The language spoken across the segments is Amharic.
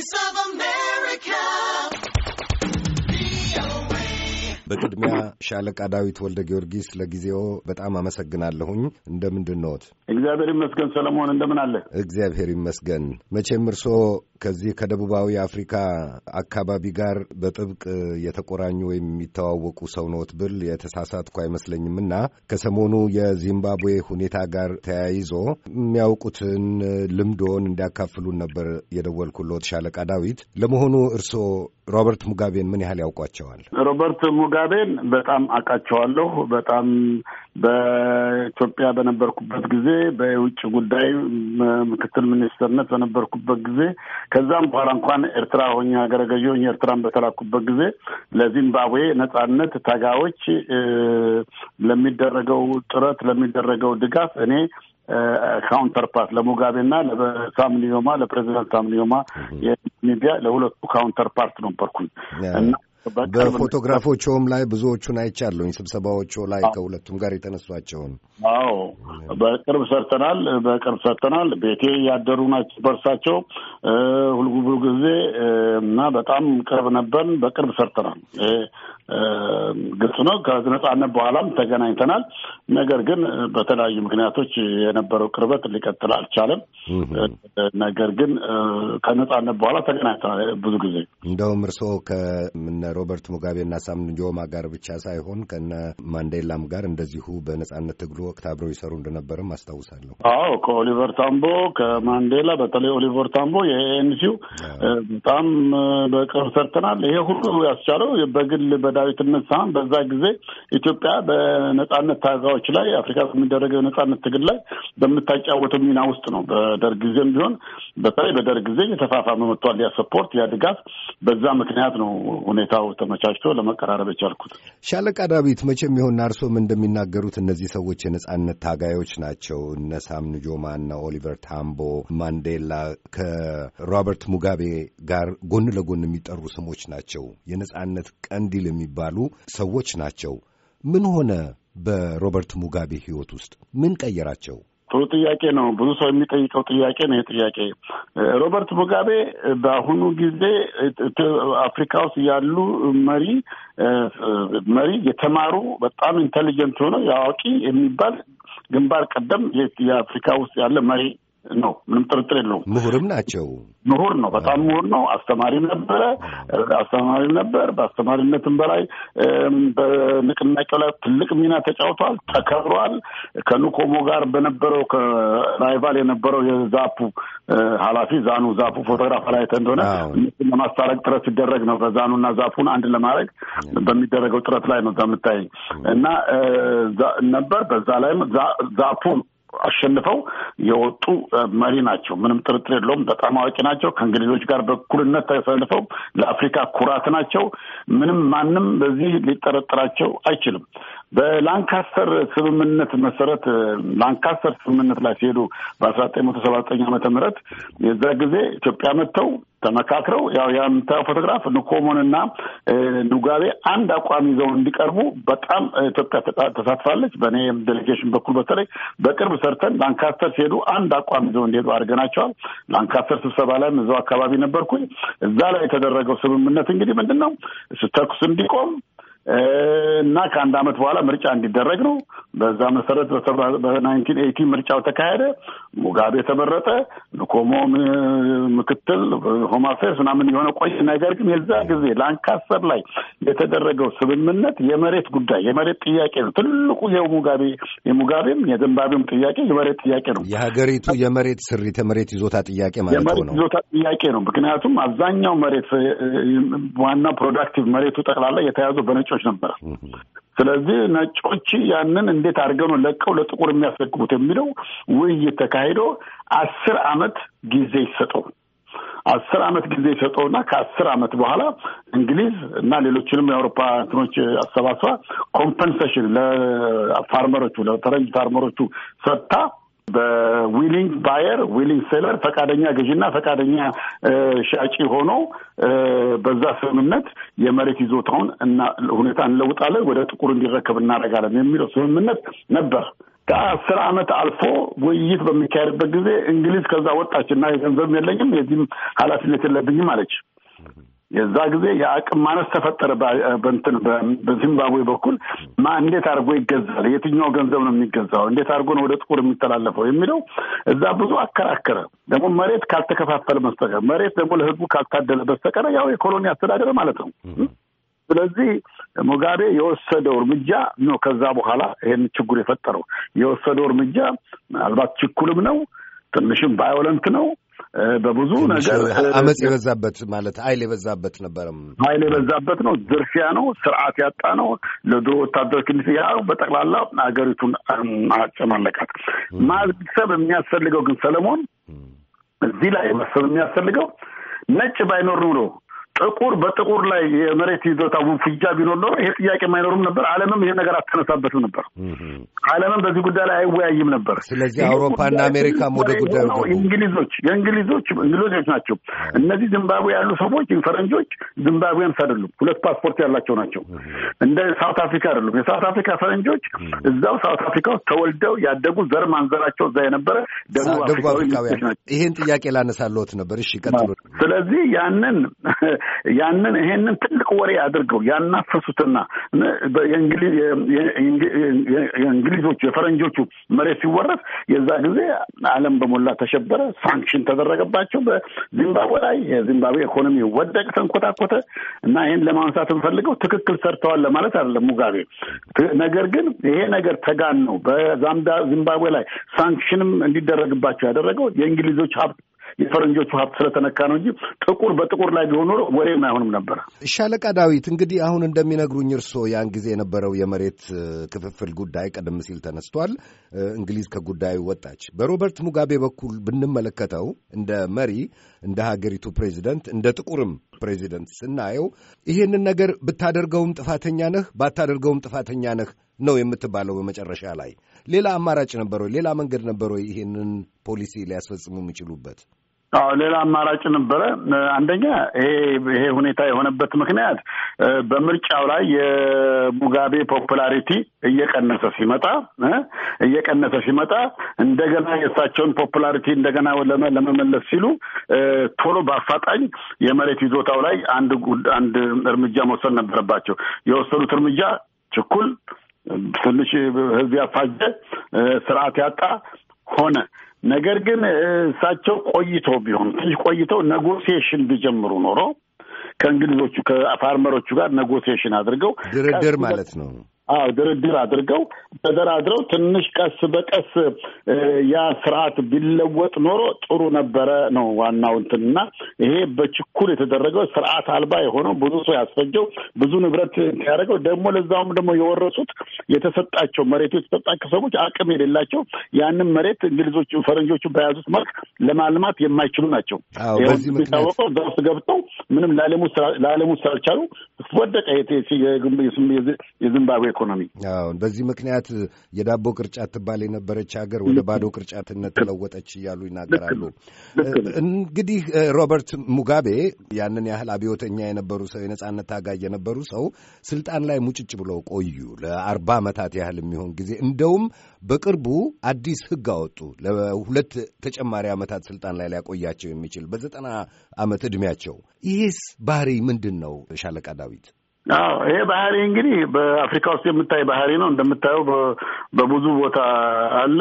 Voice of America በቅድሚያ ሻለቃ ዳዊት ወልደ ጊዮርጊስ ለጊዜው በጣም አመሰግናለሁኝ። እንደምንድን ነዎት? እግዚአብሔር ይመስገን ሰለሞን፣ እንደምን አለ? እግዚአብሔር ይመስገን። መቼም እርሶ ከዚህ ከደቡባዊ አፍሪካ አካባቢ ጋር በጥብቅ የተቆራኙ ወይም የሚተዋወቁ ሰው ኖት ብል የተሳሳትኩ አይመስለኝምና ከሰሞኑ የዚምባብዌ ሁኔታ ጋር ተያይዞ የሚያውቁትን ልምዶን እንዲያካፍሉን ነበር የደወልኩሎት ሻለቃ ዳዊት። ለመሆኑ እርሶ ሮበርት ሙጋቤን ምን ያህል ያውቋቸዋል? ሮበርት ሙጋ ምናቤን በጣም አውቃቸዋለሁ። በጣም በኢትዮጵያ በነበርኩበት ጊዜ በውጭ ጉዳይ ምክትል ሚኒስትርነት በነበርኩበት ጊዜ ከዛም በኋላ እንኳን ኤርትራ ሆኜ ሀገረ ገዢ ሆኜ ኤርትራን በተላኩበት ጊዜ ለዚምባብዌ ነጻነት ታጋዮች ለሚደረገው ጥረት ለሚደረገው ድጋፍ እኔ ካውንተር ፓርት ለሙጋቤና ሳምኒዮማ ለፕሬዚዳንት ሳምኒዮማ የሚዲያ ለሁለቱ ካውንተር ፓርት ነበርኩኝ እና በፎቶግራፎችም ላይ ብዙዎቹን አይቻለሁኝ ስብሰባዎቹ ላይ ከሁለቱም ጋር የተነሷቸውን። አዎ በቅርብ ሰርተናል፣ በቅርብ ሰርተናል። ቤቴ ያደሩ ናቸው በርሳቸው ሁልጉብሉ ጊዜ እና በጣም ቅርብ ነበርን። በቅርብ ሰርተናል። ግልጽ ነው። ከነጻነት በኋላም ተገናኝተናል። ነገር ግን በተለያዩ ምክንያቶች የነበረው ቅርበት ሊቀጥል አልቻለም። ነገር ግን ከነጻነት በኋላ ተገናኝተናል ብዙ ጊዜ እንደውም እርስዎ ከነ ሮበርት ሙጋቤ እና ሳም ንጆማ ጋር ብቻ ሳይሆን ከነ ማንዴላም ጋር እንደዚሁ በነጻነት ትግሉ ወቅት አብረው ይሰሩ እንደነበርም አስታውሳለሁ። አዎ ከኦሊቨር ታምቦ ከማንዴላ በተለይ ኦሊቨር ታምቦ የኤንሲው በጣም በቅርብ ሰርተናል። ይሄ ሁሉ ያስቻለው በግል በዳ ዳዊት እነሳ በዛ ጊዜ ኢትዮጵያ በነጻነት ታጋዮች ላይ አፍሪካ በሚደረገው የነጻነት ትግል ላይ በምታጫወተው ሚና ውስጥ ነው። በደርግ ጊዜም ቢሆን በተለይ በደርግ ጊዜ የተፋፋመ መጥቷል። ያ ሰፖርት ያ ድጋፍ በዛ ምክንያት ነው ሁኔታው ተመቻችቶ ለመቀራረብ የቻልኩት። ሻለቃ ዳዊት መቼም ይሆን እርሶም እንደሚናገሩት እነዚህ ሰዎች የነጻነት ታጋዮች ናቸው። እነ ሳም ንጆማ እና ኦሊቨር ታምቦ ማንዴላ ከሮበርት ሙጋቤ ጋር ጎን ለጎን የሚጠሩ ስሞች ናቸው። የነጻነት ቀንዲል የሚባሉ ሰዎች ናቸው። ምን ሆነ? በሮበርት ሙጋቤ ህይወት ውስጥ ምን ቀየራቸው? ጥሩ ጥያቄ ነው። ብዙ ሰው የሚጠይቀው ጥያቄ ነው። ይህ ጥያቄ ሮበርት ሙጋቤ በአሁኑ ጊዜ አፍሪካ ውስጥ ያሉ መሪ መሪ የተማሩ በጣም ኢንቴሊጀንት ሆነው የአዋቂ የሚባል ግንባር ቀደም የአፍሪካ ውስጥ ያለ መሪ ነው። ምንም ጥርጥር የለውም። ምሁርም ናቸው። ምሁር ነው፣ በጣም ምሁር ነው። አስተማሪ ነበረ፣ አስተማሪ ነበር። በአስተማሪነትም በላይ በንቅናቄው ላይ ትልቅ ሚና ተጫውቷል፣ ተከብሯል። ከኑኮሞ ጋር በነበረው ራይቫል የነበረው የዛፑ ኃላፊ ዛኑ ዛፉ ፎቶግራፍ ላይ አይተህ እንደሆነ ለማስታረቅ ጥረት ሲደረግ ነው። በዛኑና ዛፉን አንድ ለማድረግ በሚደረገው ጥረት ላይ ነው እዛ እና ነበር። በዛ ላይም ዛፑ አሸንፈው የወጡ መሪ ናቸው። ምንም ጥርጥር የለውም። በጣም አዋቂ ናቸው። ከእንግሊዞች ጋር በእኩልነት ተሰልፈው ለአፍሪካ ኩራት ናቸው። ምንም ማንም በዚህ ሊጠረጥራቸው አይችልም። በላንካስተር ስምምነት መሰረት ላንካስተር ስምምነት ላይ ሲሄዱ በአስራ ዘጠኝ መቶ ሰባ ዘጠኝ ዓመተ ምህረት የዛ ጊዜ ኢትዮጵያ መጥተው ተመካክረው ያው የምታየው ፎቶግራፍ ንኮሞንና ኑጋቤ አንድ አቋም ይዘው እንዲቀርቡ በጣም ኢትዮጵያ ተሳትፋለች። በእኔ ዴሌጌሽን በኩል በተለይ በቅርብ ሰርተን ላንካስተር ሲሄዱ አንድ አቋም ይዘው እንዲሄዱ አድርገናቸዋል። ላንካስተር ስብሰባ ላይም እዛው አካባቢ ነበርኩኝ። እዛ ላይ የተደረገው ስምምነት እንግዲህ ምንድን ነው? ተኩስ እንዲቆም እና ከአንድ አመት በኋላ ምርጫ እንዲደረግ ነው። በዛ መሰረት በናይንቲን ኤቲ ምርጫው ተካሄደ። ሙጋቤ ተመረጠ። ንኮሞ ምክትል ሆም አፌርስ ምናምን የሆነ ቆይ። ነገር ግን የዛ ጊዜ ላንካስተር ላይ የተደረገው ስምምነት የመሬት ጉዳይ የመሬት ጥያቄ ነው። ትልቁ የሙጋቤ የሙጋቤም የዘምባብዌም ጥያቄ የመሬት ጥያቄ ነው። የሀገሪቱ የመሬት ስሪት የመሬት ይዞታ ጥያቄ ማለት ነው። የመሬት ይዞታ ጥያቄ ነው። ምክንያቱም አብዛኛው መሬት ዋና ፕሮዳክቲቭ መሬቱ ጠቅላላ የተያዘው በነጮች ነበረ። ስለዚህ ነጮች ያንን እንዴት አድርገው ነው ለቀው ለጥቁር የሚያስረክቡት የሚለው ውይይት ተካሂዶ አስር አመት ጊዜ ይሰጠው አስር አመት ጊዜ እና ከአስር አመት በኋላ እንግሊዝ እና ሌሎችንም የአውሮፓ እንትኖች አሰባስባ ኮምፐንሴሽን ለፋርመሮቹ ለተረጅ ፋርመሮቹ ሰጥታ በዊሊንግ ባየር ዊሊንግ ሴለር ፈቃደኛ ገዢና ፈቃደኛ ሻጪ ሆኖ በዛ ስምምነት የመሬት ይዞታውን እና ሁኔታ እንለውጣለን፣ ወደ ጥቁር እንዲረከብ እናደርጋለን የሚለው ስምምነት ነበር። ከአስር ዓመት አልፎ ውይይት በሚካሄድበት ጊዜ እንግሊዝ ከዛ ወጣች እና የገንዘብም የለኝም የዚህም ኃላፊነት የለብኝም አለች። የዛ ጊዜ የአቅም ማነስ ተፈጠረ። በንትን በዚምባብዌ በኩል ማ እንዴት አድርጎ ይገዛል፣ የትኛው ገንዘብ ነው የሚገዛው፣ እንዴት አድርጎ ነው ወደ ጥቁር የሚተላለፈው የሚለው እዛ ብዙ አከራከረ። ደግሞ መሬት ካልተከፋፈለ በስተቀር መሬት ደግሞ ለህዝቡ ካልታደለ በስተቀር ያው የኮሎኒ አስተዳደር ማለት ነው። ስለዚህ ሙጋቤ የወሰደው እርምጃ ነው። ከዛ በኋላ ይህን ችግር የፈጠረው የወሰደው እርምጃ ምናልባት ችኩልም ነው፣ ትንሽም ቫዮለንት ነው። በብዙ ነገር አመፅ የበዛበት ማለት ኃይል የበዛበት ነበረም። ኃይል የበዛበት ነው፣ ዝርፊያ ነው፣ ስርዓት ያጣ ነው። ለድሮ ወታደሮች ክንስ ያ በጠቅላላ ሀገሪቱን አጨማለቃት። ማሰብ የሚያስፈልገው ግን ሰለሞን፣ እዚህ ላይ ማሰብ የሚያስፈልገው ነጭ ባይኖር ኑሮ ጥቁር በጥቁር ላይ የመሬት ይዞታ ውፍጃ ቢኖር ኖሮ ይሄ ጥያቄ የማይኖርም ነበር። ዓለምም ይሄ ነገር አተነሳበትም ነበር። ዓለምም በዚህ ጉዳይ ላይ አይወያይም ነበር። ስለዚህ አውሮፓና አሜሪካ ወደ ጉዳዩ እንግሊዞች የእንግሊዞች እንግሊዞች ናቸው። እነዚህ ዚምባብዌ ያሉ ሰዎች ፈረንጆች ዚምባብዌንስ አይደሉም። ሁለት ፓስፖርት ያላቸው ናቸው። እንደ ሳውት አፍሪካ አይደሉም። የሳውት አፍሪካ ፈረንጆች እዛው ሳውት አፍሪካ ውስጥ ተወልደው ያደጉ ዘር ማንዘራቸው እዛ የነበረ ደቡብ አፍሪካዊ ናቸው። ይህን ጥያቄ ላነሳለሁት ነበር። እሺ ቀጥሎ። ስለዚህ ያንን ያንን ይሄንን ትልቅ ወሬ አድርገው ያናፈሱትና የእንግሊዞቹ የፈረንጆቹ መሬት ሲወረስ የዛ ጊዜ ዓለም በሞላ ተሸበረ። ሳንክሽን ተደረገባቸው በዚምባብዌ ላይ የዚምባብዌ ኢኮኖሚ ወደቅ፣ ተንኮታኮተ እና ይህን ለማንሳት የምፈልገው ትክክል ሰርተዋል ለማለት አይደለም ሙጋቤ። ነገር ግን ይሄ ነገር ተጋን ነው በዛምባ ዚምባብዌ ላይ ሳንክሽንም እንዲደረግባቸው ያደረገው የእንግሊዞች ሀብት የፈረንጆቹ ሀብት ስለተነካ ነው እንጂ ጥቁር በጥቁር ላይ ቢሆን ኖሮ ወሬም አይሆንም ነበር። ሻለቃ ዳዊት፣ እንግዲህ አሁን እንደሚነግሩኝ እርስዎ ያን ጊዜ የነበረው የመሬት ክፍፍል ጉዳይ ቀደም ሲል ተነስቷል። እንግሊዝ ከጉዳዩ ወጣች። በሮበርት ሙጋቤ በኩል ብንመለከተው እንደ መሪ፣ እንደ ሀገሪቱ ፕሬዚደንት፣ እንደ ጥቁርም ፕሬዚደንት ስናየው ይሄንን ነገር ብታደርገውም ጥፋተኛ ነህ፣ ባታደርገውም ጥፋተኛ ነህ ነው የምትባለው በመጨረሻ ላይ። ሌላ አማራጭ ነበረ? ሌላ መንገድ ነበረ? ይህንን ይሄንን ፖሊሲ ሊያስፈጽሙ የሚችሉበት አዎ ሌላ አማራጭ ነበረ። አንደኛ ይሄ ይሄ ሁኔታ የሆነበት ምክንያት በምርጫው ላይ የሙጋቤ ፖፑላሪቲ እየቀነሰ ሲመጣ እየቀነሰ ሲመጣ እንደገና የእሳቸውን ፖፑላሪቲ እንደገና ለመመለስ ሲሉ ቶሎ በአፋጣኝ የመሬት ይዞታው ላይ አንድ አንድ እርምጃ መውሰድ ነበረባቸው። የወሰዱት እርምጃ ችኩል፣ ትንሽ ህዝብ ያፋጀ፣ ስርዓት ያጣ ሆነ። ነገር ግን እሳቸው ቆይተው ቢሆን ትንሽ ቆይተው ነጎሲዬሽን ቢጀምሩ ኖሮ ከእንግሊዞቹ ከፋርመሮቹ ጋር ነጎሲዬሽን አድርገው ድርድር ማለት ነው አዎ ድርድር አድርገው ተደራድረው ትንሽ ቀስ በቀስ ያ ስርዓት ቢለወጥ ኖሮ ጥሩ ነበረ ነው ዋናው እንትን እና ይሄ በችኩል የተደረገው ስርዓት አልባ የሆነው ብዙ ሰው ያስፈጀው ብዙ ንብረት ያደረገው ደግሞ ለዛውም ደግሞ የወረሱት የተሰጣቸው መሬቱ የተሰጣቸው ሰዎች አቅም የሌላቸው ያንን መሬት እንግሊዞቹ ፈረንጆቹ በያዙት መልክ ለማልማት የማይችሉ ናቸው። የሚታወቀው እዛ ውስጥ ገብተው ምንም ላለሙ ስላልቻሉ ወደቀ የዚምባብዌ ኢኮኖሚ። አሁን በዚህ ምክንያት የዳቦ ቅርጫት ትባል የነበረች ሀገር ወደ ባዶ ቅርጫትነት ተለወጠች እያሉ ይናገራሉ። እንግዲህ ሮበርት ሙጋቤ ያንን ያህል አብዮተኛ የነበሩ ሰው፣ የነጻነት ታጋይ የነበሩ ሰው ስልጣን ላይ ሙጭጭ ብለው ቆዩ ለአርባ ዓመታት ያህል የሚሆን ጊዜ። እንደውም በቅርቡ አዲስ ህግ አወጡ ለሁለት ተጨማሪ ዓመታት ስልጣን ላይ ሊያቆያቸው የሚችል በዘጠና ዓመት ዕድሜያቸው። ይህስ ባህሪ ምንድን ነው? ሻለቃ ዳዊት አዎ ይሄ ባህሪ እንግዲህ በአፍሪካ ውስጥ የምታይ ባህሪ ነው። እንደምታየው በብዙ ቦታ አለ።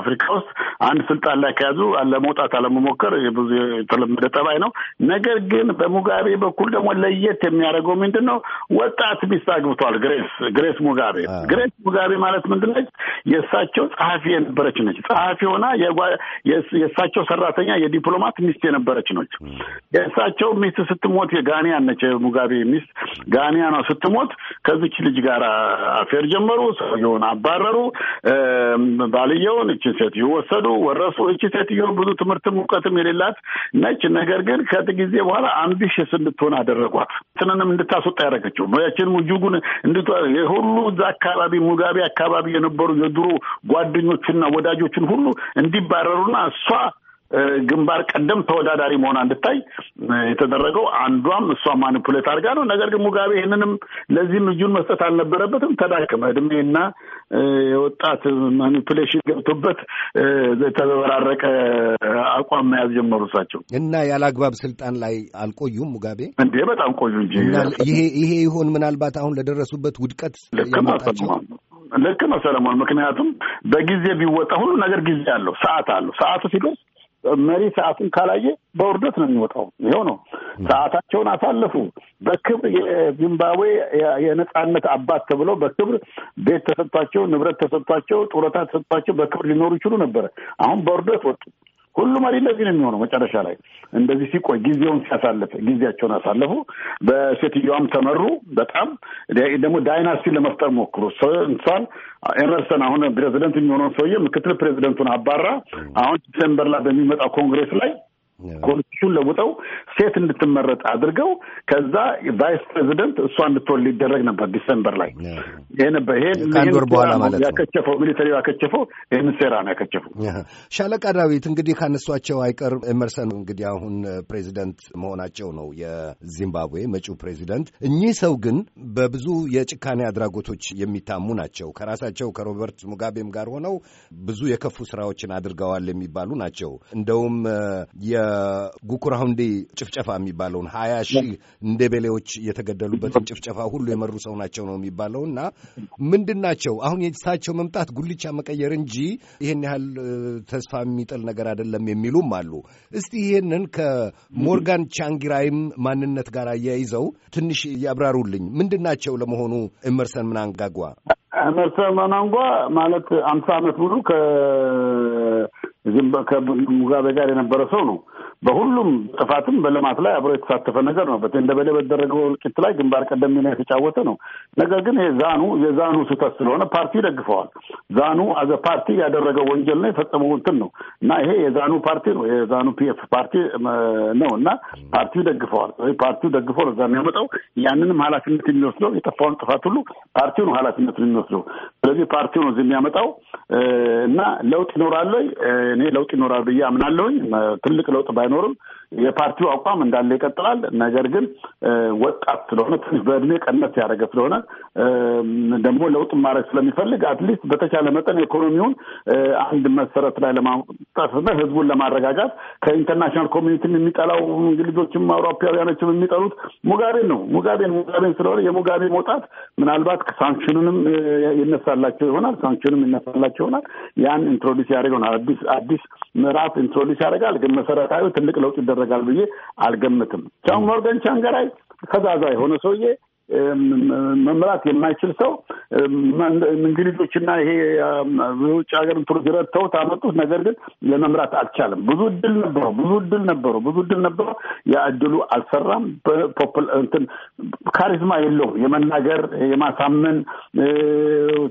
አፍሪካ ውስጥ አንድ ስልጣን ላይ ከያዙ ለመውጣት አለመሞከር ብዙ የተለመደ ጠባይ ነው። ነገር ግን በሙጋቤ በኩል ደግሞ ለየት የሚያደርገው ምንድን ነው? ወጣት ሚስት አግብቷል። ግሬስ ግሬስ ሙጋቤ ግሬስ ሙጋቤ ማለት ምንድን ነች? የእሳቸው ጸሐፊ የነበረች ነች። ጸሐፊ ሆና የእሳቸው ሰራተኛ የዲፕሎማት ሚስት የነበረች ነች። የእሳቸው ሚስት ስትሞት የጋኒያን ነች። የሙጋቤ ሚስት ጋኒ ሰማንያኗ ስትሞት ከዚች ልጅ ጋር አፌር ጀመሩ። ሰውየውን አባረሩ። ባልየውን እቺ ሴትዮ ወሰዱ፣ ወረሱ። እቺ ሴትዮ ብዙ ትምህርትም እውቀትም የሌላት ነች። ነገር ግን ከት ጊዜ በኋላ አምቢሽስ እንድትሆን አደረጓት። ትንንም እንድታስወጣ ያደረገችው ሙያችን ሙጁጉን እንድ ሁሉ እዛ አካባቢ ሙጋቤ አካባቢ የነበሩ የድሮ ጓደኞችና ወዳጆችን ሁሉ እንዲባረሩና እሷ ግንባር ቀደም ተወዳዳሪ መሆኗ እንድታይ የተደረገው አንዷም እሷ ማኒፑሌት አድርጋ ነው። ነገር ግን ሙጋቤ ይህንንም ለዚህም እጁን መስጠት አልነበረበትም። እድሜ እድሜና የወጣት ማኒፑሌሽን ገብቶበት የተበራረቀ አቋም መያዝ ጀመሩ እሳቸው እና ያለአግባብ ስልጣን ላይ አልቆዩም። ሙጋቤ እንዴ በጣም ቆዩ እንጂ ይሄ ይሄ ይሆን ምናልባት አሁን ለደረሱበት ውድቀት ልክ ነው ሰለሞን። ምክንያቱም በጊዜ ቢወጣ ሁሉ ነገር ጊዜ አለው፣ ሰዓት አለው። ሰዓቱ ሲደርስ መሪ ሰዓቱን ካላየ በውርደት ነው የሚወጣው። ይኸው ነው። ሰዓታቸውን አሳለፉ። በክብር የዚምባብዌ የነጻነት አባት ተብለው በክብር ቤት ተሰጥቷቸው፣ ንብረት ተሰጥቷቸው፣ ጡረታ ተሰጥቷቸው በክብር ሊኖሩ ይችሉ ነበረ። አሁን በውርደት ወጡ። ሁሉ መሪ እንደዚህ ነው የሚሆነው። መጨረሻ ላይ እንደዚህ ሲቆይ ጊዜውን ሲያሳልፍ ጊዜያቸውን አሳለፉ። በሴትዮዋም ተመሩ። በጣም ደግሞ ዳይናስቲ ለመፍጠር ሞክሩ። እንኳን ኤመርሰን አሁን ፕሬዚደንት የሚሆነውን ሰውዬ ምክትል ፕሬዚደንቱን አባራ። አሁን ዲሴምበር ላይ በሚመጣው ኮንግሬስ ላይ ኮንስቲቱሽን ለውጠው ሴት እንድትመረጥ አድርገው ከዛ ቫይስ ፕሬዚደንት እሷ እንድትወል ሊደረግ ነበር ዲሰምበር ላይ ይሄ በኋላ ማለት ነው ያከቸፈው ሚሊተሪ ያከቸፈው ይህን ሴራ ነው ያከቸፈው። ሻለቃ ዳዊት እንግዲህ ካነሷቸው አይቀር ኤመርሰን እንግዲህ አሁን ፕሬዚደንት መሆናቸው ነው የዚምባብዌ መጪው ፕሬዚደንት። እኚህ ሰው ግን በብዙ የጭካኔ አድራጎቶች የሚታሙ ናቸው። ከራሳቸው ከሮበርት ሙጋቤም ጋር ሆነው ብዙ የከፉ ስራዎችን አድርገዋል የሚባሉ ናቸው። እንደውም የ የጉኩራሁንዴ ጭፍጨፋ የሚባለውን ሀያ ሺህ እንደ ቤሌዎች የተገደሉበትን ጭፍጨፋ ሁሉ የመሩ ሰው ናቸው ነው የሚባለው እና ምንድን ናቸው አሁን የእሳቸው መምጣት ጉልቻ መቀየር እንጂ ይህን ያህል ተስፋ የሚጥል ነገር አይደለም የሚሉም አሉ። እስቲ ይህንን ከሞርጋን ቻንጊራይም ማንነት ጋር አያይዘው ትንሽ ያብራሩልኝ። ምንድን ናቸው ለመሆኑ ኤመርሰን ምናንጋጓ? ኤመርሰን ምናንጓ ማለት አምሳ ዓመት ሙሉ ዝም ከሙጋቤ ጋር የነበረ ሰው ነው። በሁሉም ጥፋትም በልማት ላይ አብሮ የተሳተፈ ነገር ነው። በቴንደበሌ በተደረገው እልቂት ላይ ግንባር ቀደም ሚና የተጫወተ ነው። ነገር ግን ይሄ ዛኑ የዛኑ ስህተት ስለሆነ ፓርቲው ደግፈዋል። ዛኑ አዘ ፓርቲ ያደረገው ወንጀል ነው የፈጸመው እንትን ነው እና ይሄ የዛኑ ፓርቲ ነው የዛኑ ፒኤፍ ፓርቲ ነው እና ፓርቲው ይደግፈዋል። ፓርቲው ደግፎ ለዛ የሚያመጣው ያንንም ኃላፊነት የሚወስደው የጠፋውን ጥፋት ሁሉ ፓርቲው ነው ኃላፊነቱ የሚወስደው። ስለዚህ ፓርቲው ነው እዚህ የሚያመጣው እና ለውጥ ይኖራል። እኔ ለውጥ ይኖራል ብዬ አምናለሁኝ ትልቅ ለውጥ አይኖርም። የፓርቲው አቋም እንዳለ ይቀጥላል። ነገር ግን ወጣት ስለሆነ ትንሽ በእድሜ ቀነስ ያደረገ ስለሆነ ደግሞ ለውጥ ማድረግ ስለሚፈልግ አትሊስት በተቻለ መጠን ኢኮኖሚውን አንድ መሰረት ላይ ለማጠፍና ህዝቡን ለማረጋጋት ከኢንተርናሽናል ኮሚኒቲም የሚጠላው እንግሊዞችም አውሮፓውያኖችም የሚጠሉት ሙጋቤን ነው። ሙጋቤን ሙጋቤን ስለሆነ የሙጋቤ መውጣት ምናልባት ሳንክሽኑንም ይነሳላቸው ይሆናል። ሳንክሽኑም ይነሳላቸው ይሆናል። ያን ኢንትሮዲስ ያደርገ ይሆናል። አዲስ አዲስ ምዕራፍ ኢንትሮዲስ ያደርጋል። ግን መሰረታዊ ትልቅ ለውጥ ይደረጋል ብዬ አልገምትም። ቻን ሞርገን ቻንገራይ ከዛዛ የሆነ ሰውዬ መምራት የማይችል ሰው እንግሊዞችና ይሄ የውጭ ሀገር እንትኖች ረድተው ታመጡት ነገር ግን ለመምራት አልቻለም። ብዙ እድል ነበረው፣ ብዙ እድል ነበረው፣ ብዙ እድል ነበረው። ያ እድሉ አልሰራም። እንትን ካሪዝማ የለውም። የመናገር የማሳመን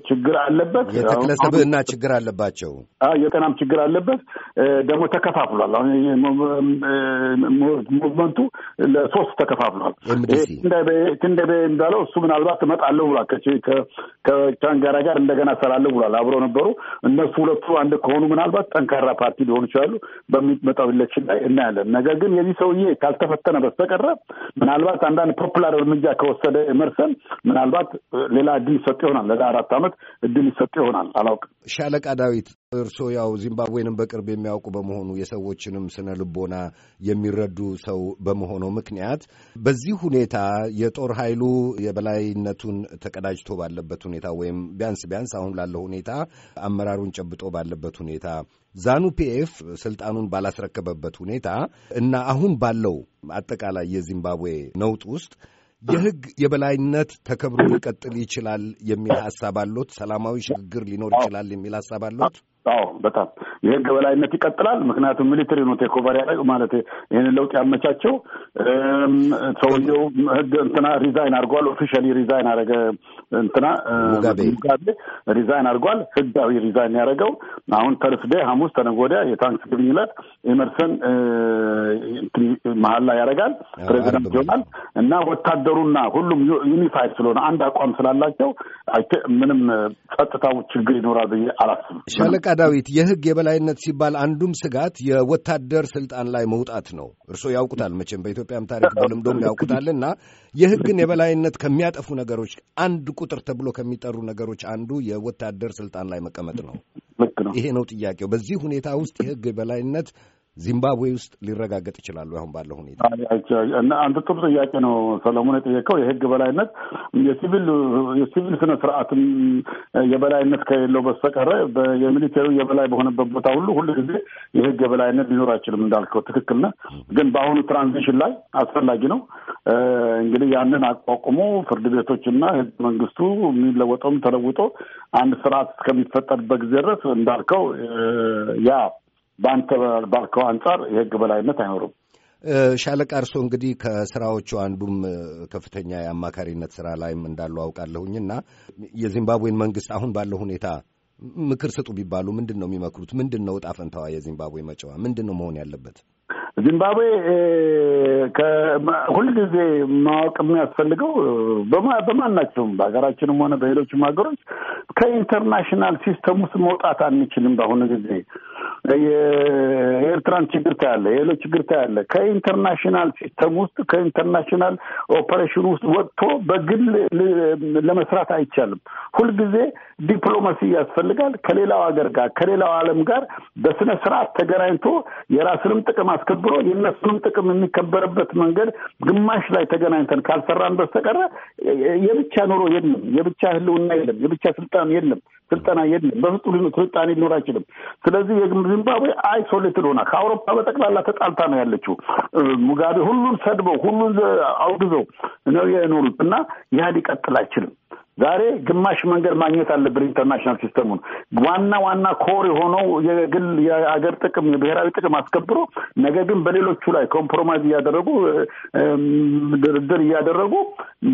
ችግር አለበት። የተክለ ችግር አለባቸው። የጤናም ችግር አለበት። ደግሞ ተከፋፍሏል። አሁን ሙቭመንቱ ለሶስት ተከፋፍሏል። ትንደቤ እንዳለው እሱ ምናልባት እመጣለሁ ብሏል። ከቻንጋራ ጋር እንደገና እሰራለሁ ብሏል። አብረው ነበሩ እነሱ ሁለቱ አንድ ከሆኑ ምናልባት ጠንካራ ፓርቲ ሊሆኑ ይችላሉ። በሚመጣው ኢሌክሽን ላይ እናያለን። ነገር ግን የዚህ ሰውዬ ካልተፈተነ በስተቀረ ምናልባት አንዳንድ ፖፑላር እርምጃ ከወሰደ መርሰን ምናልባት ሌላ እድል ይሰጥ ይሆናል። አራት ዓመት እድል ይሰጥ ይሆናል። አላውቅም። ሻለቃ ዳዊት እርስዎ ያው ዚምባብዌንም በቅርብ የሚያውቁ በመሆኑ የሰዎችንም ስነ ልቦና የሚረዱ ሰው በመሆኑ ምክንያት በዚህ ሁኔታ የጦር ኃይሉ የበላይነቱን ተቀዳጅቶ ባለበት ሁኔታ ወይም ቢያንስ ቢያንስ አሁን ላለው ሁኔታ አመራሩን ጨብጦ ባለበት ሁኔታ ዛኑ ፒኤፍ ስልጣኑን ባላስረከበበት ሁኔታ እና አሁን ባለው አጠቃላይ የዚምባብዌ ነውጥ ውስጥ የሕግ የበላይነት ተከብሮ ሊቀጥል ይችላል የሚል ሀሳብ አሎት? ሰላማዊ ሽግግር ሊኖር ይችላል የሚል ሀሳብ አሎት? አዎ በጣም የህግ በላይነት ይቀጥላል። ምክንያቱም ሚሊተሪ ነው ቴኮቨር ያደረገው ማለት ይህን ለውጥ ያመቻቸው ሰውየው ህግ እንትና ሪዛይን አድርጓል። ኦፊሻሊ ሪዛይን አረገ እንትና ሙጋቤ ሪዛይን አድርጓል። ህጋዊ ሪዛይን ያደረገው አሁን ተርስዴ ሐሙስ ተነገ ወዲያ የታንክስ ግብኝ ዕለት ኤመርሰን መሀል ላይ ያደረጋል ፕሬዚዳንት ይሆናል እና ወታደሩና ሁሉም ዩኒፋይድ ስለሆነ አንድ አቋም ስላላቸው ምንም ጸጥታው ችግር ይኖራል ብዬ አላስብም። ሻለቃ ዳዊት፣ የሕግ የበላይነት ሲባል አንዱም ስጋት የወታደር ስልጣን ላይ መውጣት ነው። እርስዎ ያውቁታል መቼም በኢትዮጵያም ታሪክ በልምዶም ያውቁታልና የሕግን የበላይነት ከሚያጠፉ ነገሮች አንድ ቁጥር ተብሎ ከሚጠሩ ነገሮች አንዱ የወታደር ስልጣን ላይ መቀመጥ ነው። ይሄ ነው ጥያቄው። በዚህ ሁኔታ ውስጥ የሕግ የበላይነት ዚምባብዌ ውስጥ ሊረጋገጥ ይችላሉ? አሁን ባለው ሁኔታ አንድ ጥሩ ጥያቄ ነው ሰለሞን የጠየቀው። የህግ በላይነት የሲቪል የሲቪል ስነ ስርዓትም የበላይነት ከሌለው በስተቀረ የሚሊቴሩ የበላይ በሆነበት ቦታ ሁሉ ሁሉ ጊዜ የህግ የበላይነት ሊኖር አይችልም። እንዳልከው ትክክል ነህ። ግን በአሁኑ ትራንዚሽን ላይ አስፈላጊ ነው እንግዲህ ያንን አቋቁሞ ፍርድ ቤቶችና ህገ መንግስቱ የሚለወጠውም ተለውጦ አንድ ስርዓት እስከሚፈጠርበት ጊዜ ድረስ እንዳልከው ያ በአንተ ባልከው አንጻር የህግ በላይነት አይኖርም። ሻለቃ እርሶ እንግዲህ ከስራዎቹ አንዱም ከፍተኛ የአማካሪነት ስራ ላይም እንዳሉ እና የዚምባብዌን መንግስት አሁን ባለው ሁኔታ ምክር ስጡ ቢባሉ ምንድን ነው የሚመክሩት? ምንድን ነው እጣ ፈንታዋ የዚምባብዌ መጪዋ? ምንድን ነው መሆን ያለበት? ዚምባብዌ ሁልጊዜ ማወቅ የሚያስፈልገው በማናቸውም በሀገራችንም ሆነ በሌሎችም ሀገሮች ከኢንተርናሽናል ሲስተም ውስጥ መውጣት አንችልም። በአሁኑ ጊዜ የኤርትራን ችግር ታያለ፣ የሌሎች ችግር ታያለ። ከኢንተርናሽናል ሲስተም ውስጥ ከኢንተርናሽናል ኦፐሬሽን ውስጥ ወጥቶ በግል ለመስራት አይቻልም። ሁልጊዜ ዲፕሎማሲ ያስፈልጋል። ከሌላው ሀገር ጋር ከሌላው ዓለም ጋር በስነ ስርዓት ተገናኝቶ የራስንም ጥቅም አስከብ ተከብሮ የእነሱም ጥቅም የሚከበርበት መንገድ ግማሽ ላይ ተገናኝተን ካልሰራን በስተቀረ የብቻ ኑሮ የለም፣ የብቻ ህልውና የለም፣ የብቻ ስልጣን የለም። ስልጠና የለም። በፍጹም ስልጣኔ ሊኖር አይችልም። ስለዚህ ዚምባብዌ አይሶሌትድ ሆና ከአውሮፓ በጠቅላላ ተጣልታ ነው ያለችው። ሙጋቤ ሁሉን ሰድበው ሁሉን አውግዘው ነው የኖሩት እና ያ ሊቀጥል አይችልም። ዛሬ ግማሽ መንገድ ማግኘት አለብን። ኢንተርናሽናል ሲስተሙን ዋና ዋና ኮር የሆነው የግል የአገር ጥቅም የብሔራዊ ጥቅም አስከብሮ፣ ነገር ግን በሌሎቹ ላይ ኮምፕሮማይዝ እያደረጉ ድርድር እያደረጉ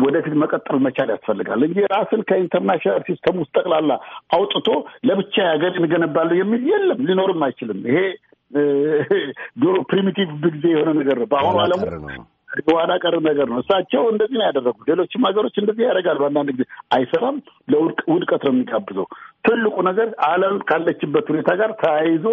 ወደፊት መቀጠል መቻል ያስፈልጋል እንጂ ራስን ከኢንተርናሽናል ሲስተም ውስጥ ጠቅላላ አውጥቶ ለብቻ ሀገር እንገነባለሁ የሚል የለም፣ ሊኖርም አይችልም። ይሄ ዶሮ ፕሪሚቲቭ ብጊዜ የሆነ ነገር ነው። በአሁኑ ዓለም ኋላ ቀር ነገር ነው። እሳቸው እንደዚህ ነው ያደረጉት። ሌሎችም ሀገሮች እንደዚህ ያደርጋሉ። አንዳንድ ጊዜ አይሰራም፣ ለውድቀት ነው የሚጋብዘው። ትልቁ ነገር ዓለም ካለችበት ሁኔታ ጋር ተያይዞ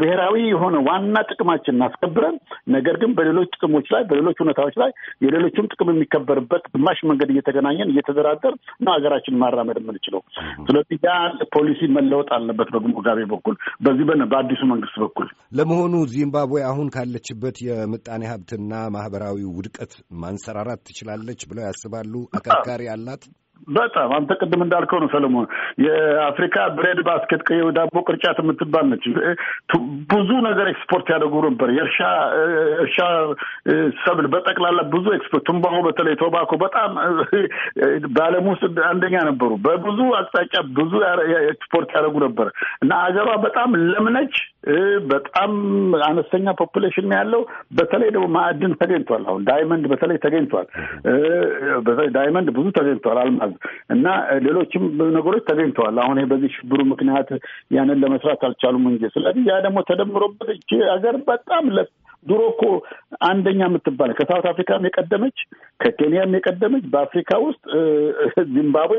ብሔራዊ የሆነ ዋና ጥቅማችን አስከብረን፣ ነገር ግን በሌሎች ጥቅሞች ላይ በሌሎች ሁኔታዎች ላይ የሌሎችም ጥቅም የሚከበርበት ግማሽ መንገድ እየተገናኘን እየተደራደር ነው ሀገራችን ማራመድ የምንችለው። ስለዚህ ያ ፖሊሲ መለወጥ አለበት በሙጋቤ በኩል በዚህ በአዲሱ መንግስት በኩል። ለመሆኑ ዚምባብዌ አሁን ካለችበት የምጣኔ ሀብትና ማህበራዊ ውድቀት ማንሰራራት ትችላለች ብለው ያስባሉ? አከርካሪ አላት? በጣም አንተ ቅድም እንዳልከው ነው ሰለሞን፣ የአፍሪካ ብሬድ ባስኬት ዳቦ ቅርጫት የምትባል ነች። ብዙ ነገር ኤክስፖርት ያደርጉ ነበር። የእርሻ እርሻ ሰብል በጠቅላላ ብዙ ኤክስፖርት፣ ትንባሆ፣ በተለይ ቶባኮ በጣም በዓለም ውስጥ አንደኛ ነበሩ። በብዙ አቅጣጫ ብዙ ኤክስፖርት ያደርጉ ነበር እና አገሯ በጣም ለምነች። በጣም አነስተኛ ፖፑሌሽን ያለው በተለይ ደግሞ ማዕድን ተገኝቷል። አሁን ዳይመንድ በተለይ ተገኝቷል። በተለይ ዳይመንድ ብዙ ተገኝቷል። አልማ ያዝ እና ሌሎችም ነገሮች ተገኝተዋል። አሁን በዚህ ሽብሩ ምክንያት ያንን ለመስራት አልቻሉም እንጂ ስለዚህ ያ ደግሞ ተደምሮበት እች ሀገር በጣም ድሮ እኮ አንደኛ የምትባል ከሳውት አፍሪካም የቀደመች ከኬንያም የቀደመች በአፍሪካ ውስጥ ዚምባብዌ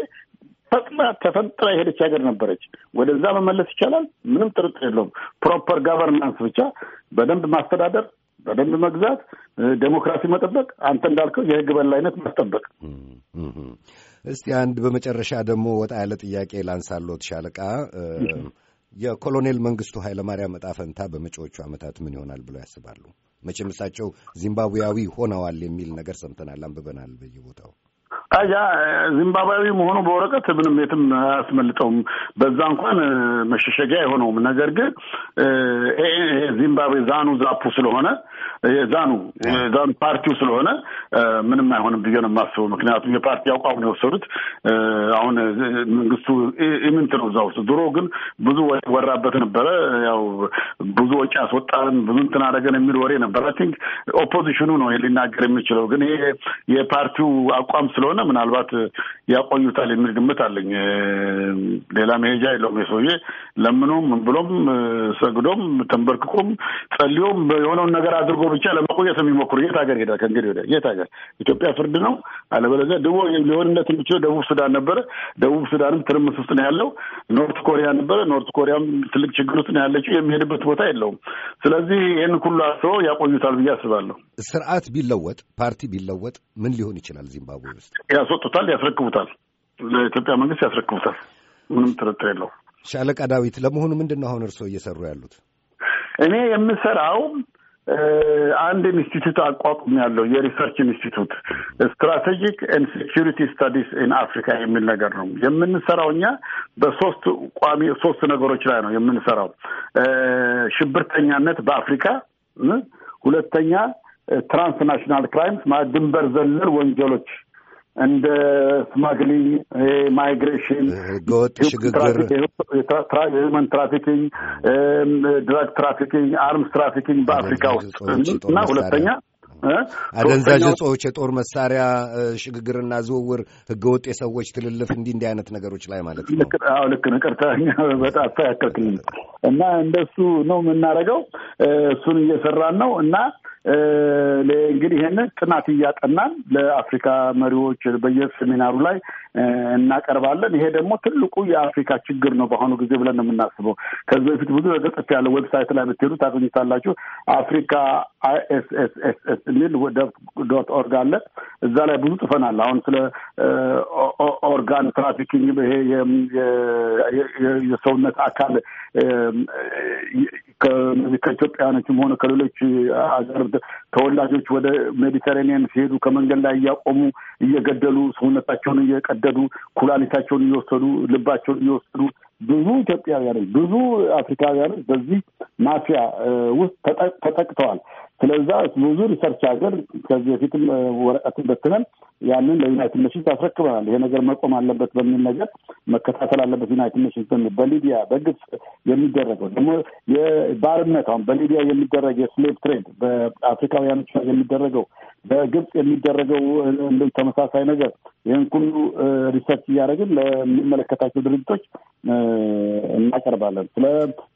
ፈጥና ተፈንጥራ የሄደች ሀገር ነበረች። ወደዛ መመለስ ይቻላል፣ ምንም ጥርጥር የለውም። ፕሮፐር ጋቨርናንስ ብቻ በደንብ ማስተዳደር፣ በደንብ መግዛት፣ ዴሞክራሲ መጠበቅ፣ አንተ እንዳልከው የህግ በላይነት ማስጠበቅ እስቲ አንድ በመጨረሻ ደግሞ ወጣ ያለ ጥያቄ ላንሳሎት ሻለቃ የኮሎኔል መንግስቱ ኃይለማርያም እጣ ፈንታ በመጪዎቹ ዓመታት ምን ይሆናል ብለው ያስባሉ? መቼም እሳቸው ዚምባብዌያዊ ሆነዋል የሚል ነገር ሰምተናል፣ አንብበናል በየቦታው አያ ዚምባብያዊ መሆኑ በወረቀት ምንም የትም አያስመልጠውም። በዛ እንኳን መሸሸጊያ አይሆነውም። ነገር ግን ዚምባብዌ ዛኑ ዛፑ ስለሆነ ዛኑ ዛኑ ፓርቲው ስለሆነ ምንም አይሆንም ብዬ ነው የማስበው። ምክንያቱም የፓርቲ አቋም ነው የወሰዱት። አሁን መንግስቱ ኢምንት ነው እዛ ውስጥ። ድሮ ግን ብዙ ወራበት ነበረ። ያው ብዙ ወጪ አስወጣን፣ ብዙ እንትን አደረገን የሚል ወሬ ነበር። አይ ቲንክ ኦፖዚሽኑ ነው ሊናገር የሚችለው። ግን ይሄ የፓርቲው አቋም ስለሆነ ስለሆነ ምናልባት ያቆዩታል የሚል ግምት አለኝ። ሌላ መሄጃ የለውም። የሰውዬ ለምኖም ብሎም ሰግዶም ተንበርክቆም ጸልዮም የሆነውን ነገር አድርጎ ብቻ ለመቆየት የሚሞክሩ የት ሀገር ሄዳ ከእንግዲህ ወደ የት ሀገር ኢትዮጵያ ፍርድ ነው። አለበለዚያ ድቦ ሊሆንነት የሚችለው ደቡብ ሱዳን ነበረ። ደቡብ ሱዳንም ትርምስ ውስጥ ነው ያለው። ኖርት ኮሪያ ነበረ። ኖርት ኮሪያም ትልቅ ችግር ውስጥ ነው ያለችው። የሚሄድበት ቦታ የለውም። ስለዚህ ይህን ሁሉ አስበው ያቆዩታል ብዬ አስባለሁ። ስርዓት ቢለወጥ ፓርቲ ቢለወጥ ምን ሊሆን ይችላል ዚምባብዌ ውስጥ? ያስወጡታል፣ ያስረክቡታል። ለኢትዮጵያ መንግስት ያስረክቡታል። ምንም ጥርጥር የለው። ሻለቃ ዳዊት፣ ለመሆኑ ምንድን ነው አሁን እርስዎ እየሰሩ ያሉት? እኔ የምሰራው አንድ ኢንስቲትዩት አቋቁም ያለው የሪሰርች ኢንስቲትዩት ስትራቴጂክ ኤንድ ሴኪሪቲ ስታዲስ ኢን አፍሪካ የሚል ነገር ነው የምንሰራው። እኛ በሶስት ቋሚ ሶስት ነገሮች ላይ ነው የምንሰራው። ሽብርተኛነት በአፍሪካ ሁለተኛ፣ ትራንስናሽናል ክራይምስ ድንበር ዘለል ወንጀሎች እንደ ስማግሊ ማይግሬሽን፣ ህገወጥ ሽግግር፣ ሂውመን ትራፊኪንግ፣ ድራግ ትራፊኪንግ፣ አርምስ ትራፊኪንግ በአፍሪካ ውስጥ እና ሁለተኛ አደንዛዥ እጾች፣ የጦር መሳሪያ ሽግግርና ዝውውር፣ ህገወጥ የሰዎች ትልልፍ እንዲህ እንዲህ አይነት ነገሮች ላይ ማለት ነው። ልክ ነው። ይቅርታ በጣም አስተካከልክልኝ እና እንደሱ ነው የምናደርገው። እሱን እየሰራን ነው እና እንግዲህ ይህን ጥናት እያጠናን ለአፍሪካ መሪዎች በየሴሚናሩ ላይ እናቀርባለን። ይሄ ደግሞ ትልቁ የአፍሪካ ችግር ነው በአሁኑ ጊዜ ብለን ነው የምናስበው። ከዚህ በፊት ብዙ ተጽፍ ያለው ዌብሳይት ላይ የምትሄዱ ታገኙታላችሁ። አፍሪካ አይኤስኤስኤስ የሚል ዶት ኦርግ አለ። እዛ ላይ ብዙ ጽፈናል። አሁን ስለ ኦርጋን ትራፊኪንግ፣ ይሄ የሰውነት አካል ከኢትዮጵያውያኖችም ሆነ ከሌሎች ሀገር ተወላጆች ወደ ሜዲተሬኒያን ሲሄዱ ከመንገድ ላይ እያቆሙ እየገደሉ ሰውነታቸውን እየቀደዱ ኩላሊታቸውን እየወሰዱ ልባቸውን እየወሰዱ ብዙ ኢትዮጵያውያኖች ብዙ አፍሪካውያኖች በዚህ ማፊያ ውስጥ ተጠቅተዋል። ስለዛ ብዙ ሪሰርች ሀገር ከዚህ በፊትም ወረቀትን በትነን ያንን ለዩናይትድ ኔሽንስ አስረክበናል። ይሄ ነገር መቆም አለበት በሚል ነገር መከታተል አለበት ዩናይትድ ኔሽንስ በሚል በሊቢያ በግብፅ የሚደረገው ደግሞ የባርነት አሁን በሊቢያ የሚደረግ የስሌቭ ትሬድ በአፍሪካውያኖች የሚደረገው በግብፅ የሚደረገው ተመሳሳይ ነገር ይህን ሁሉ ሪሰርች እያደረግን ለሚመለከታቸው ድርጅቶች እናቀርባለን። ስለ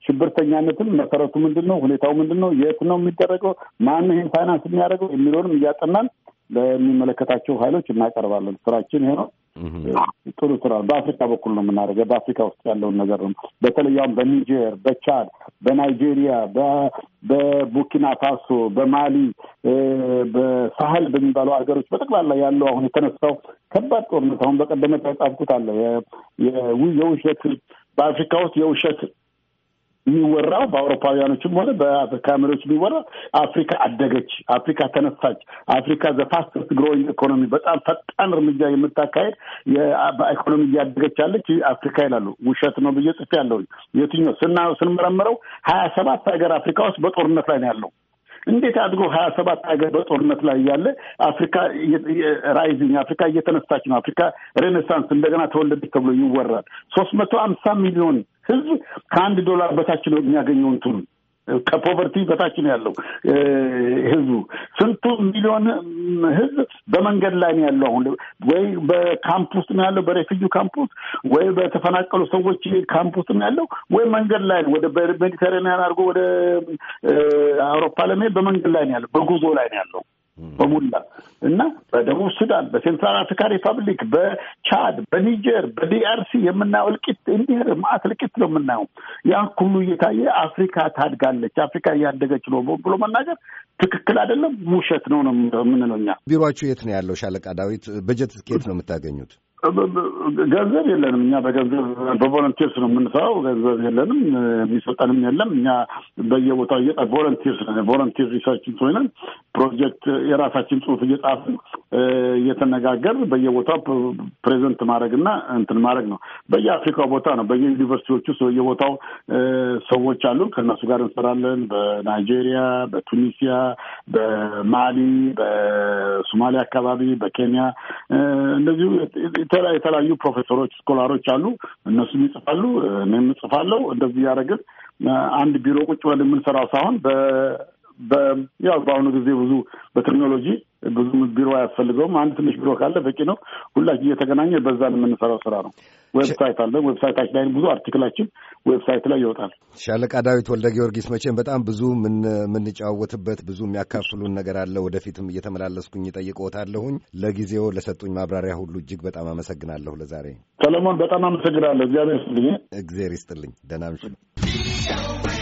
ሽብርተኛነትም መሰረቱ ምንድን ነው? ሁኔታው ምንድን ነው? የት ነው የሚደረገው? ማን ይህን ፋይናንስ የሚያደርገው የሚለውንም እያጠናን ለሚመለከታቸው ኃይሎች እናቀርባለን። ስራችን ይሄ ነው። ጥሩ ስራ በአፍሪካ በኩል ነው የምናደርገው። በአፍሪካ ውስጥ ያለውን ነገር ነው። በተለይ አሁን በኒጀር፣ በቻድ፣ በናይጄሪያ፣ በቡርኪና ፋሶ፣ በማሊ፣ በሳህል በሚባሉ ሀገሮች በጠቅላላ ያለው አሁን የተነሳው ከባድ ጦርነት አሁን በቀደመ ተጻፍኩት አለ የውሸት በአፍሪካ ውስጥ የውሸት የሚወራው በአውሮፓውያኖችም ሆነ በአፍሪካ መሪዎች የሚወራ አፍሪካ አደገች፣ አፍሪካ ተነሳች፣ አፍሪካ ዘፋስተስት ግሮዊንግ ኢኮኖሚ በጣም ፈጣን እርምጃ የምታካሄድ በኢኮኖሚ እያደገች ያለች አፍሪካ ይላሉ። ውሸት ነው ብዬ ጽፌ ያለሁኝ። የትኛው ስናየው ስንመረምረው ሀያ ሰባት ሀገር አፍሪካ ውስጥ በጦርነት ላይ ነው ያለው። እንዴት አድርጎ ሀያ ሰባት ሀገር በጦርነት ላይ ያለ አፍሪካ ራይዚንግ አፍሪካ እየተነሳች ነው፣ አፍሪካ ሬኔሳንስ እንደገና ተወለደች ተብሎ ይወራል። ሶስት መቶ ሀምሳ ሚሊዮን ህዝብ ከአንድ ዶላር በታች ነው የሚያገኘው እንትኑ ከፖቨርቲ በታች ነው ያለው ህዝቡ። ስንቱ ሚሊዮን ህዝብ በመንገድ ላይ ነው ያለው አሁን ወይ በካምፕ ውስጥ ነው ያለው በሬፊጂ ካምፕ ውስጥ ወይ በተፈናቀሉ ሰዎች ካምፕ ውስጥ ነው ያለው ወይ መንገድ ላይ ነው ወደ ሜዲተራኒያን አድርጎ ወደ አውሮፓ ለመሄድ በመንገድ ላይ ነው ያለው፣ በጉዞ ላይ ነው ያለው። በሙላ እና በደቡብ ሱዳን፣ በሴንትራል አፍሪካ ሪፐብሊክ፣ በቻድ፣ በኒጀር፣ በዲአርሲ የምናየው እልቂት እንዲህ ማአት እልቂት ነው የምናየው። ያ ሁሉ እየታየ አፍሪካ ታድጋለች፣ አፍሪካ እያደገች ነው ብሎ መናገር ትክክል አይደለም፣ ውሸት ነው ነው የምንለው እኛ። የት ነው ያለው? ሻለቃ ዳዊት፣ በጀት ስኬት ነው የምታገኙት? ገንዘብ የለንም። እኛ በገንዘብ በቮለንቲርስ ነው የምንሰራው። ገንዘብ የለንም፣ የሚሰጠንም የለም። እኛ በየቦታው እየጠ ቮለንቲርስ ቮለንቲር ሪሰርችን ሆይነን ፕሮጀክት የራሳችን ጽሁፍ እየጻፍን እየተነጋገር በየቦታው ፕሬዘንት ማድረግ እና እንትን ማድረግ ነው። በየአፍሪካ ቦታ ነው፣ በየዩኒቨርሲቲዎች ውስጥ በየቦታው ሰዎች አሉ። ከእነሱ ጋር እንሰራለን። በናይጄሪያ፣ በቱኒሲያ፣ በማሊ፣ በሶማሊያ አካባቢ፣ በኬንያ እንደዚሁ የተለያዩ ፕሮፌሰሮች፣ ስኮላሮች አሉ። እነሱም ይጽፋሉ፣ እኔም እጽፋለሁ። እንደዚህ እያደረግን አንድ ቢሮ ቁጭ ብለን የምንሰራው ሳይሆን ያው በአሁኑ ጊዜ ብዙ በቴክኖሎጂ ብዙም ቢሮ አያስፈልገውም። አንድ ትንሽ ቢሮ ካለ በቂ ነው። ሁላችን እየተገናኘ በዛ የምንሰራው ስራ ነው። ዌብሳይት አለ። ዌብሳይታችን ላይ ብዙ አርቲክላችን ዌብሳይት ላይ ይወጣል። ሻለቃ ዳዊት ወልደ ጊዮርጊስ መቼም በጣም ብዙ የምንጨዋወትበት ብዙ የሚያካፍሉን ነገር አለ። ወደፊትም እየተመላለስኩኝ ጠይቅዎታለሁኝ። ለጊዜው ለሰጡኝ ማብራሪያ ሁሉ እጅግ በጣም አመሰግናለሁ። ለዛሬ ሰለሞን በጣም አመሰግናለሁ። እግዚአብሔር ይስጥልኝ። እግዚአብሔር ይስጥልኝ። ደህና ምሽት።